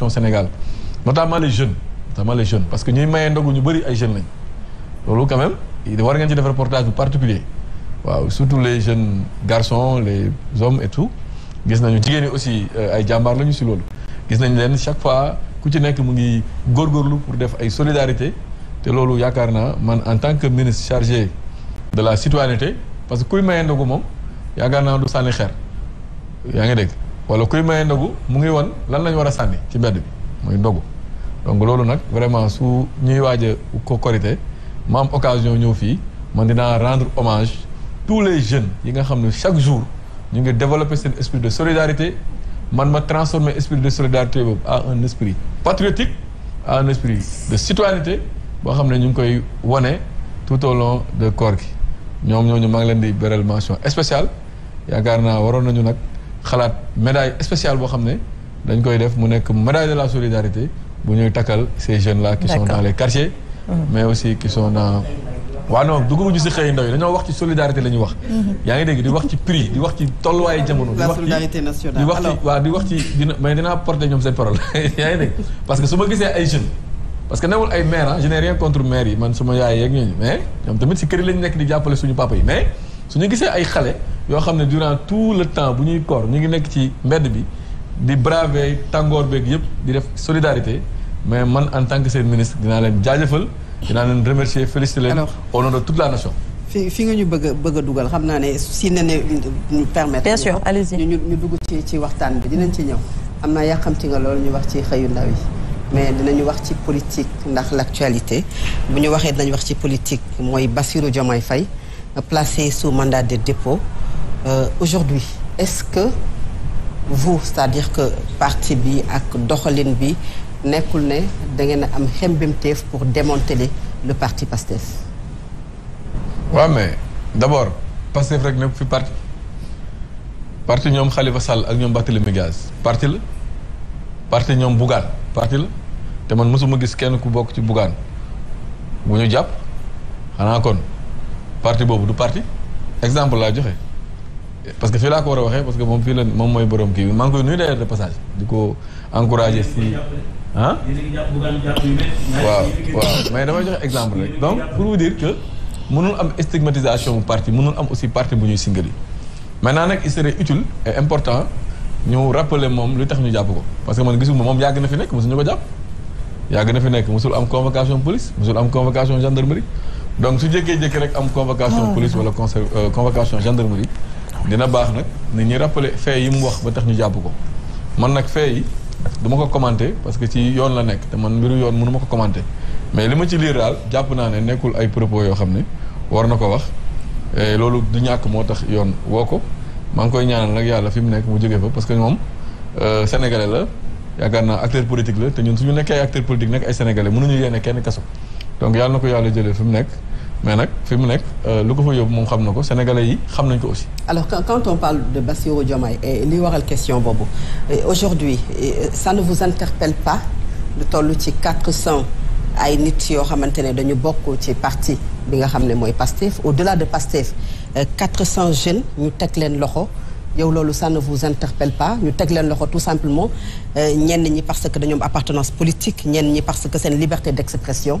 au Sénégal notamment les jeunes notamment les jeunes parce que ñuy mayee ndogu ñu bëri ay jeunes lañ quand même il doit ci def reportages, particulier surtout les jeunes garçons les hommes et tout Nous nañu aussi euh, ay jàmbaar lañu si loolu gis chaque fois ku ci nekk mu ngi góorgóorlu pour def ay solidarité Et lolo yakarna, man en tant que ministre chargé de la citoyenneté parce que kuy mayee ndogu moom yakarna naa du sànni xeer yaa ngi wala kuy maye ndogu mu ngi woon lan lañ war a sànni ci mbedd bi muy ndogu donc loolu nag vraiment su ñuy waaj a ko korité ma am occasion ñëw fii man dinaa rendre hommage tous les jeunes yi nga xam ne chaque jour ñu ngi développer seen esprit de solidarité man ma transformer esprit de solidarité boobu à un esprit patriotique à un esprit de citoyenneté boo xam ne ñu ngi koy wane tout au long de koor gi ñoom ñooñu maa ngi leen di beral mention spéciale yaakaar naa waroon nañu nag xalaat médaille spéciale boo xam ne dañ koy def mu nekk médaille de la solidarité bu ñuy takkal ces jeune là qui sont dans les quartiers mhm. mais aussi qui sont dans waaw non dugguñu si xëy ndaw yi dañoo wax ci solidarité la ñuy wax mhm. yaa ngi dégg di wax ci prix di wax ci tolluwaayu jamono di wax ci di wax ci waaw di wax ci dina mais dinaa porter ñoom seen parole yaa ngi dégg parce que su ma gisee ay jeunes parce que newul ay maire ah je contre maire yi man suma yaay yeeg ñooñu mais ñoom tamit si kër yi nekk di jàppale suñu papa yi mais suñu gisee ay xale Yo, xamné durant tout le temps bu koor ñu ngi nekk ci mbedd bi di solidarité mais man en tant que ministre dinaa leen jaajëfal dinaa leen remercier féliciter au nom de toute la nation si ñu permettre bien sûr allez ñu ñu ci ci waxtaan bi dinañ mais dinañu wax politique ndax l'actualité politique placé sous mandat de dépôt euh, aujourd'hui est-ce que vous c'est-à-dire que parti bi ak doxaline bi nekul né da ngeen a am xembemteef pour démanteler le parti PASTEF. Ouais, mais d'abord PASTEF rek nek fi parti parti ñom Khalifa Sall ak ñom Barthélémy Dias parti la parti ñom Bougane parti la te man mosuma gis kenn ku bok ci Bougane bu ñu jàpp kon parti bobu du parti exemple la joxe parce que c'est là qu'on a parce que mon fils, la moom il borom manque bi de passage Du encourager si Hein? waaw waaw mais damay joxe exemple donc pour vous dire que avons une stigmatisation du parti nous avons aussi parti bu ñuy singali maintenant il serait utile et important nous rappeler le lu tax ñu parce que man gisuma moom yàgg na fi nekk mosuñu ko jàpp yàgg na fi nekk mosul am convocation police mosul am convocation gendarmerie donc su jékkee jékki rek am convocation police ou la euh, convocation gendarmerie dina baax nag nit ñi rappeler fee yi mu wax ba tax ñu jàpp ko man nag fee yi du ma ko commenté parce que ci yoon la nekk te man mbiru yoon mënu ma ko commenté mais li ma ci liir daal jàpp naa ne nekkul ay propos yoo xam ne war na ko wax loolu du ñàkk moo tax yoon woo ko maa ngi koy ñaanal nag yàlla fi mu nekk mu jógee fa parce que moom euh, sénégalais la yaakaar naa acteur politique la te ñun suñu nekkee ay acteur politique nekk ay sénégalais mënuñu yéene kenn kaso na ko yàlla jëlee fi mu nekk mais euh, sénégalais aussi. alors quand, on parle de Bassirou il et li une question Bobo. aujourd'hui euh, ça ne vous interpelle pas de toll ci 400 cent ay nit yoo xamante dañu parti bi nga au-delà de Pastef 400 euh, jeunes ñu teg leen ça ne vous interpelle pas Nous teg leen loxo tout simplement parce que nous une appartenance politique parce que c'est une liberté d'expression.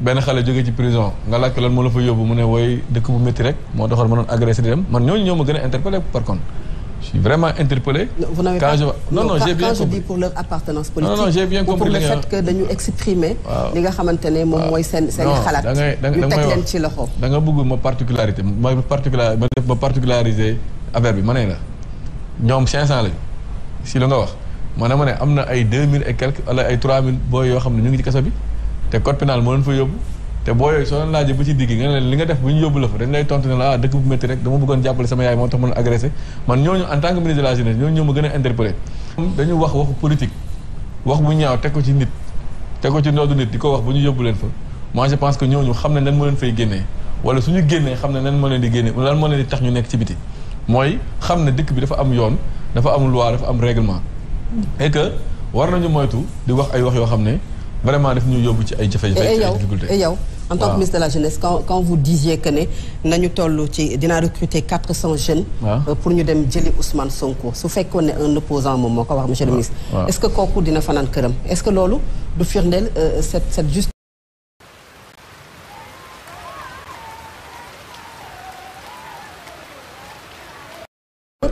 ben xale jogé ci prison nga laaj lan mo la fa yobbu mu né way dëkk bu metti rek mo doxal mënon agressé di dem man ñoo ñoo ma gëna a interpellé par contre je suis vraiment interpellé. vous n'avez pas je... non non j'ai bien compris. je dis pour leur appartenance politique. non non j'ai bien compris pour le fait que dañu exprimer. li nga xamante mom moy sen sen xalat da nga da nga teg leen ci loxo. da nga bëgg ma particularité ma particular ma def ma particulariser affaire bi mané la ñom 500 lañu si la nga wax ma ne ma ne ay 2000 et quelques wala ay 3000 boy yo xamné ñu ngi ci kassa bi. te code pénal moo leen fa yóbbu te boo yooyu soo leen laajee ba ci digg nga li nga def bu ñu yóbbu la fa dañ lay tontu ne la ah dëkk bu métti rek dama bëggoon jàppale sama yaay moo tax mën a agressé man ñooñu en tant que ministre de la jeunesse ñooñu ñoo ma gën a interpellé dañu wax waxu politique wax bu ñaaw teg ko ci nit teg ko ci ndoodu nit di ko wax bu ñu yóbbu leen fa moi je pense que ñooñu xam ne lan moo leen fay génnee wala suñu génnee ne lan moo leen di génnee lan moo tax ñu nekk mooy xam ne dëkk bi dafa am yoon dafa am loi dafa am règlement que war nañu moytu di wax ay wax yoo xam ne vraiment def ñu yóbbu ci ay jafe-jafe et yow en tant que ministre de la jeunesse quand quand vous disiez que né nañu tollu ci dina recruter 400 cent jeunes euh, pour ñu dem jëli Ousmane Sonko su fekkone ne un opposant moom moo wax monsieur le ministre est-ce que kooku dina fanane kërëm est-ce que lolu du firndeel euh, cette cette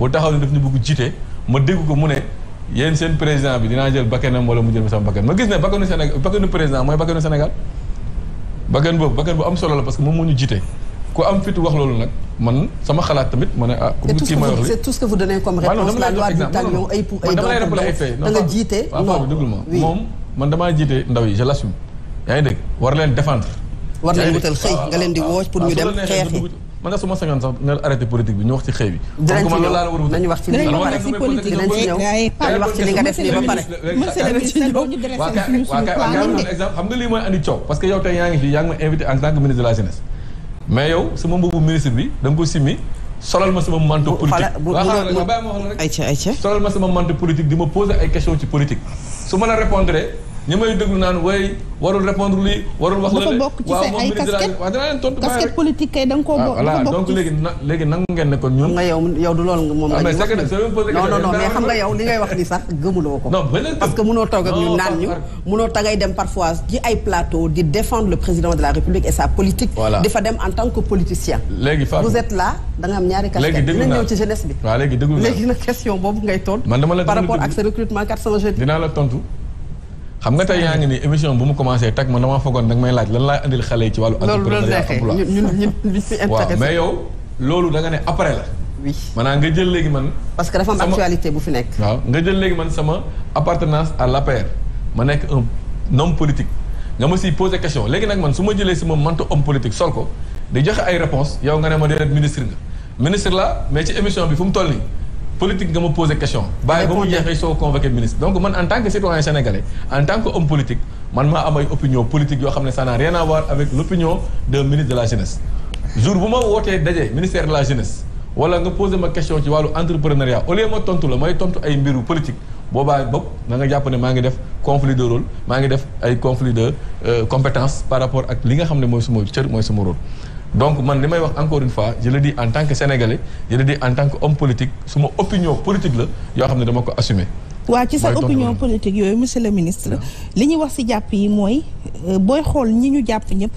boo taxaw ne daf ñu bëgg jiite ma dégg ko mu ne yéen seen président bi dinaa jël bakkanam wala mu jël sama bakkan ma gis ne bakkanu Sénégal bakkanu président mooy bakkanu Sénégal bakkan boobu bakkan bu am solo la parce que moom moo ñu jiite ku am fit wax loolu nag man sama xalaat tamit moo ne ah. ku kii ma wax c'est tout ce que vous donnez comme ah, réponse la loi xëy ah, nga leen di ah, woo pour ñu dem xeexi man nag su ma sañoon sax na arrêté politique bi ñu wax ci xëy bi. dinañ nañu wax ci li nga wax nañu wax ci li nga def nii ba waa kay waa kay exemple xam nga yaa ngi fii yaa ngi ma invité en tant que ministre de la bi da ko simmi solal ma sama manteau politique waaw xam nga bàyyi ma wax la rek. ayca solal ma sama manteau politique di ma poser ay questions ci politique su ma la répondre ni may deglu nan way warul répondre lii warul wax. dafa bokk ci sa ay casquette waaw dinaa leen tontu casquette politique kay dang ko koo ah, bokk donc léegi na léegi nangu ngeen ne kon ñun. nga yow yow du lol mom la ñu wax non non mais xam nga yow li ngay wax ni sax gëmuloo ko. parce que mëno toog ak ñun nan ñu. mëno tagay dem parfois ci ay plateau di défendre le président de la république et sa politique. di fa dem en tant que politicien. léegi fa vous êtes là da nga am ñaari casquette. dina ñëw ci jeunesse bi. waaw léegi déglu naa na question bobu ngay tontu. par rapport ak ce recrutement 400 jeunes. dinaa la tontu xam nga tey yaa ngi ni émission bu mu commencé tag man damaa foogoon nag may laaj lan laay andil xale yi ci wàllu entrepreneuriat emploi waaw mais yow ne après la oui nga jël léegi man parce que dafa am actualité bu fi nekk waaw nga jël léegi man sama appartenance à l'APR ma nekk un homme politique nga ma si pose question léegi nag man su ma jëlee si sama manteau homme politique sol ko di joxe ay réponse yow nga ne ma déedéet ministre nga ministre la mais ci émission bi fu mu toll nii politique nga ma posé question. bàyyi ba mu jeexee soo convoqué ministre. donc man en tant que citoyen sénégalais en tant que homme politique man maa am opinion politique yoo xam ne ça n'a rien à voir avec l'opinion d'un ministre de la jeunesse. jour bu ma wootee daje ministère de la jeunesse wala nga posé ma question ci wàllu entrepreneuriat au lieu ma tontu la may tontu ay mbiru politique boobaa bopp na jàpp ne maa ngi def conflit de rôle maa ngi def ay conflit de euh, par rapport ak li nga xam ne suma cër mooy suma rôle. donc man le dis encore une fois je le dis en tant que sénégalais je le dis en tant qu'homme politique, sur mon opinion politique là, yoo xam dama ko assumer Oui, ci sa opinion politique monsieur le ministre li ñuy wax si jàpp yi que euh, booy xool ñi